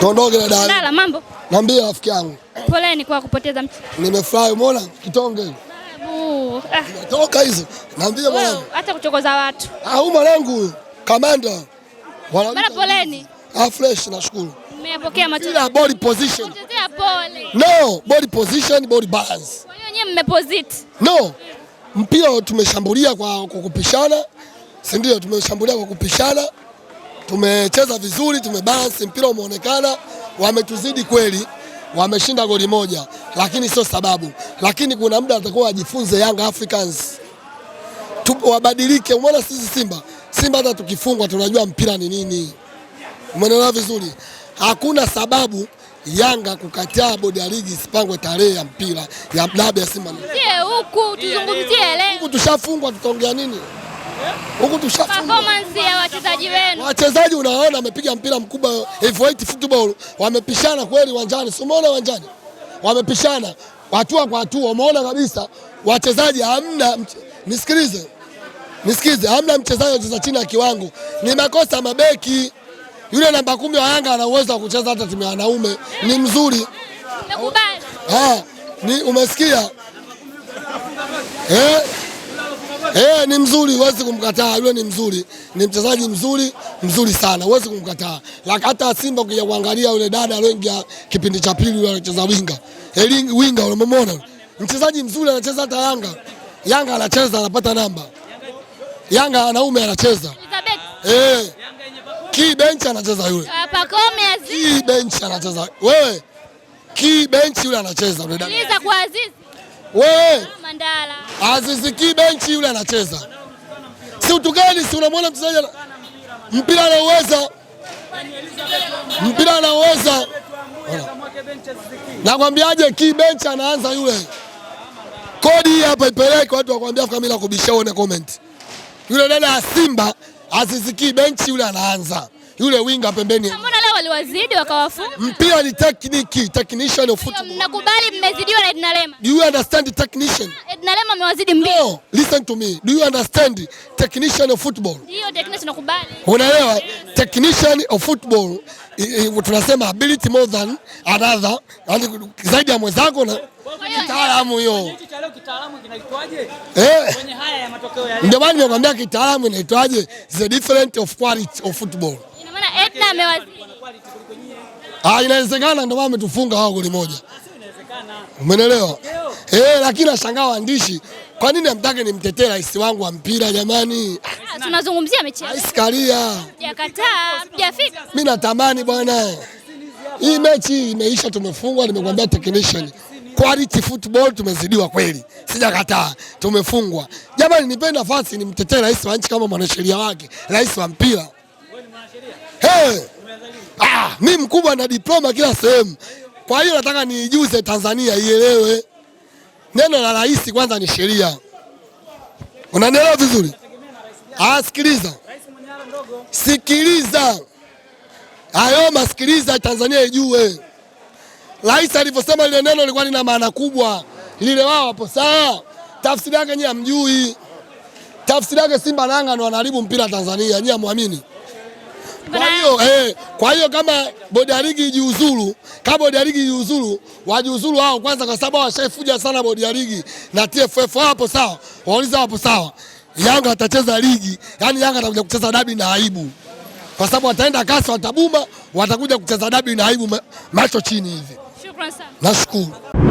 Tuondoke dada. Dada mambo. Niambie rafiki yangu. Poleni kwa kupoteza mtu. Nimefurahi umeona kitonge. Babu. Ah. Toka hizo. Niambie bwana. Hata kuchokoza watu. Ah, huyu malengo huyu. Kamanda. Bana poleni. Ah, fresh nashukuru. Mmepokea matokeo. Bila body position. Mtezea pole. No, body position, body balance. Kwa hiyo nyewe mmeposite. No. Mpira tumeshambulia kwa kupishana. Si ndio tumeshambulia kwa kupishana tumecheza vizuri, tumebalance mpira, umeonekana wametuzidi kweli, wameshinda goli moja, lakini sio sababu. Lakini kuna muda atakuwa ajifunze Young Africans wabadilike. Umeona sisi Simba, Simba hata tukifungwa tunajua mpira ni nini, umeelewa vizuri. Hakuna sababu Yanga kukataa bodi ya ligi isipangwe tarehe ya mpira ya dabi ya Simba huku tushafungwa, tutaongea nini? huku performance ya wachezaji wenu. Wachezaji unaona wamepiga mpira mkubwa heavyweight football, wamepishana kweli uwanjani, si umeona uwanjani, wamepishana hatua kwa hatua, umeona kabisa wachezaji hamna. Nisikilize, nisikilize, hamna mchezaji anacheza chini ya kiwango, ni makosa mabeki. Yule namba kumi wa Yanga ana uwezo wa kucheza hata timu ya wanaume, ni mzuri. Ah, umesikia eh? Eh, ni mzuri, huwezi kumkataa. Yule ni mzuri, ni mchezaji mzuri, mzuri sana, huwezi kumkataa. Hata Simba ukija kuangalia yule dada alioingia kipindi cha pili, yule anacheza winga, eh, winga unamwona, mchezaji mzuri, anacheza hata Yanga. Yanga anacheza anapata namba, Yanga anaume anacheza eh, ki bench anacheza yule, ah, ki bench anacheza wewe, ki bench yule anacheza yule dada wewe Mandala. Aziziki benchi yule anacheza. Si mtu gani? Si unamwona mchezaji mpira ana uweza. Mpira ana uweza. Nakwambiaje ki benchi anaanza yule. Kodi hii hapa ipeleke watu wakwambia Kamila kubisha uone comment. Yule dada ya Simba Aziziki benchi yule anaanza. Yule winga pembeni waliwazidi wakawafunga. Mpira mm, ni tekniki, technician of football. Nakubali mmezidiwa na Edna Lema. Do you understand the technician? Ah, Edna Lema amewazidi mbili. No, listen to me. Do you understand technician of football? Ndio, technician nakubali. Unaelewa? Technician of football tunasema ability more than another, yani zaidi ya mwenzako na kitaalamu hiyo. Eh? Ndio maana nimekwambia kitaalamu inaitwaje? The different of quality of football. Ina maana Edna amewazidi Ah, inawezekana ndio maana ametufunga hao goli moja. Ah, Umeelewa? Eh, lakini nashangaa waandishi kwa nini amtake nimtetee rais wangu wa mpira jamani? Ah, tunazungumzia mechi ya Rais Mimi natamani bwana. Hii mechi imeisha, tumefungwa. Nimekwambia technician, quality football tumezidiwa kweli, sijakataa, tumefungwa. Jamani, nipe nafasi nimtetee rais wa nchi kama mwanasheria wake, rais wa mpira. Hey! mi mkubwa na diploma kila sehemu, kwa hiyo nataka niijuze Tanzania ielewe neno la rais kwanza ni sheria. Unanielewa vizuri? Ah, sikiliza, sikiliza hayo masikiliza, Tanzania ijue rais alivyosema lile neno lilikuwa lina maana kubwa. Lile wao hapo sawa, tafsiri yake nyie hamjui. Tafsiri yake Simba na Yanga ndio wanaharibu mpira Tanzania, nyie hamwamini. Eh, kwa hiyo eh, kama bodi ya ligi ijiuzuru, kama bodi ya ligi ijiuzuru, wajiuzuru hao kwanza, kwa sababu washaifuja sana bodi ya ligi na TFF. Hapo sawa, wauliza hapo sawa. Yanga atacheza ligi, yani Yanga atakuja kucheza dabi na aibu, kwa sababu wataenda kasi, watabuma, watakuja kucheza dabi na aibu, macho chini hivi. Shukrani sana, nashukuru.